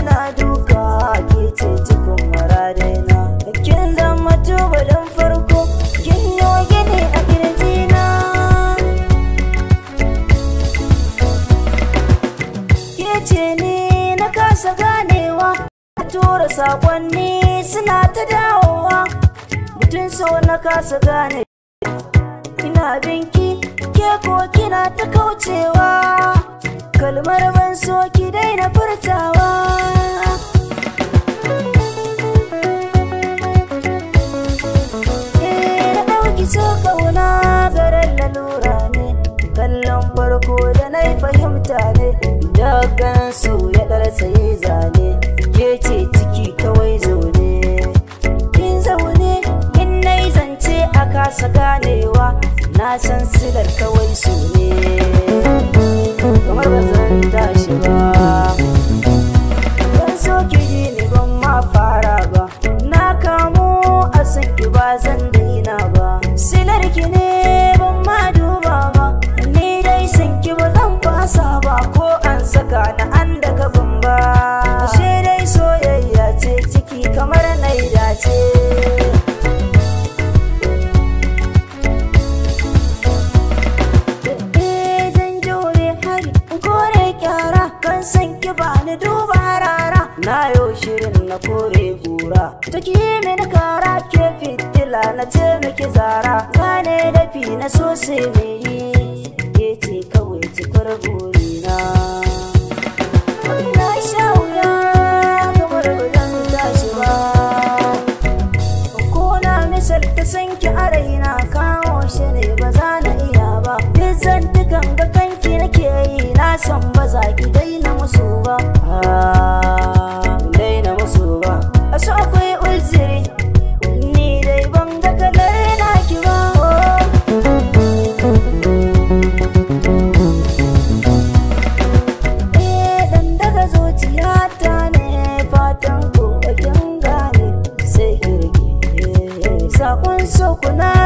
na duka ke ce cikin marare na kin zama tubalin farko kin yoge gini a kirji na ke ce ne na kasa ganewa tura sakonni suna ta dawowa mutum sau na kasa gane ina binki ke ko kina ta kaucewa kalmar ban so ki daina furtawa eh, na ɗauki so kauna zaren lalura ne kallon farko da na fahimta ne dagan so ya ɗar tsaye zane ke ce ciki kawai zaune kin zaune kin nai zance a kasa ganewa na san silar kawai so yau shirin na kore gura Tuki min kara ke fitila na ce miki zara Zane dafi na so sai me yi Ke ce kawai cikar burina Na sha wuya kamar bazan tashi Ko na misal ta sanki a raina kawo shi ne ba za na iya ba Duk zantukan ga kanki nake yi na san ba za ki daina musu ba ah. so kuna